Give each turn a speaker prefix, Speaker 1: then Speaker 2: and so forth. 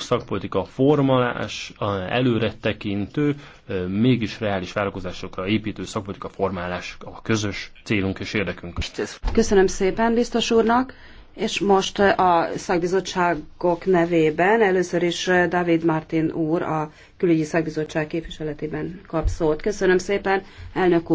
Speaker 1: pragmatikus szakpolitika formálás, előre tekintő, mégis reális vállalkozásokra építő szakpolitika formálás a közös célunk és érdekünk.
Speaker 2: Köszönöm szépen biztos úrnak, és most a szakbizottságok nevében először is David Martin úr a külügyi szakbizottság képviseletében kap szót. Köszönöm
Speaker 3: szépen, elnök úr.